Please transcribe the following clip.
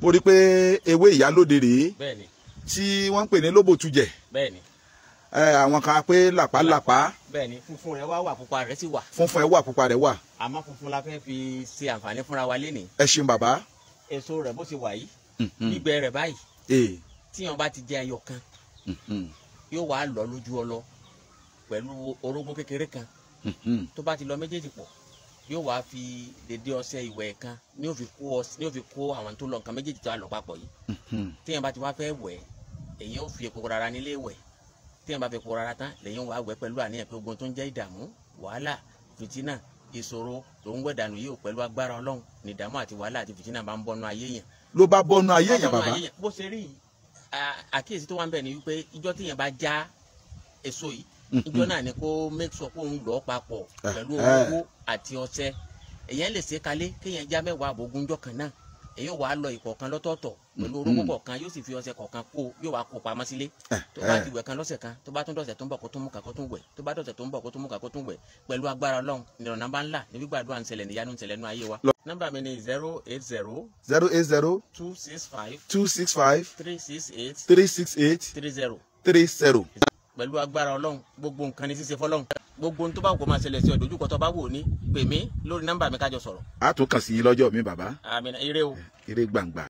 mo rí pé ewé ìyálóde rèé tí wọ́n ń pè ní lóbòtújẹ̀ àwọn kan pé làpálàpá bẹ́ẹ̀ni funfun rẹ̀ wá wà pupa rẹ̀ sì wà. funfun rẹ̀ wà pupa rẹ̀ wà. àmọ́ funfun la fẹ́ fi ṣe àǹfààní fúnra wa lénìí. ẹ ṣeun bàbá. èso rẹ̀ bó ṣe wà yìí mhm. gbígbẹ rẹ̀ báyìí tíyan bá ti jẹ ẹyọ kan mhm. yóò wá lọ lójú ọlọ pẹ̀lú orógbó kékeré kan mhm. tó bá ti lọ méjèèjì pọ̀ yóò wá fi dédé ọṣẹ ìwẹ̀ kan ní yóò fi kó ọṣẹ ní yóò kó àwọn tó lọ nǹkan méjèèjì tó a lọ papọ̀ yìí mhm. téèyàn bá ti wá fẹ́ wẹ̀ èyàn ò fi epo rara nílé wẹ̀ téèyàn bá fi epo rara tán lèyàn wà wẹ̀ pẹ̀lú àníyàn pé ogun tó ń jẹ́ ìdààmú wàhálà fìtínà ìṣòro tó ń wẹ̀ dànù yìí ò pẹ̀lú agbára ọlọ́run ní ìdààmú àti wàhálà àti fìtínà bá ń bọ́nu ayé yẹn. ló bá bọ́nu ayé yẹn bàbá. bó ṣe rí àkíyèsí tó wà ń bẹ̀ ni wípé ìjọ́ téèyàn bá já èso yìí ìjọ náà ni kó make sure kó ń lọ papọ̀ ah. pẹ̀lú ah. owó àti ọṣẹ èyàn lè ṣe kalẹ̀ kéèyàn já mẹ́wàá àbògúnjọ kan náà èyàn wàá lọ ìkọ̀ọ̀kan lọ́tọ̀ọ̀tọ̀ pẹ̀lú mm-hmm. orógbó kọ̀ọ̀kan yóò sì fi ọṣẹ kọ̀ọ̀kan kó yóò wá kó pamọ́ sílé ah. tó bá ti wẹ̀ kan lọ́sẹ̀ kan tó bá tún dọ̀sẹ̀ tó ń bọ̀ kó tún mú kakó tún wẹ̀ tó bá dọ̀sẹ̀ tó ń bọ̀ kó tún mú kakó tún wẹ̀ pẹ̀lú agbára ọlọ́run ìrọ̀nà bá ńlá níbi gbàdúrà ń ṣẹlẹ̀ níyanu ń ṣẹlẹ̀ nú ayé wa. nọ́mbà mi ni zero eight zero. zero eight zero. two six five. two six five. three six eight. three six eight. three zero. three zero pẹ̀lú agbára ọlọ́run gbogbo nǹkan ní ṣíṣe fọlọ́run gbogbo tó bá wù kó máa ṣẹlẹ̀ sí ọ dojúkọ tó bá wù ní pè lórí nọ́mbà mi ká jọ sọ̀rọ̀. a tún kàn sí yín lọ́jọ́ mi bàbá. àmín ire o. ire gbangba.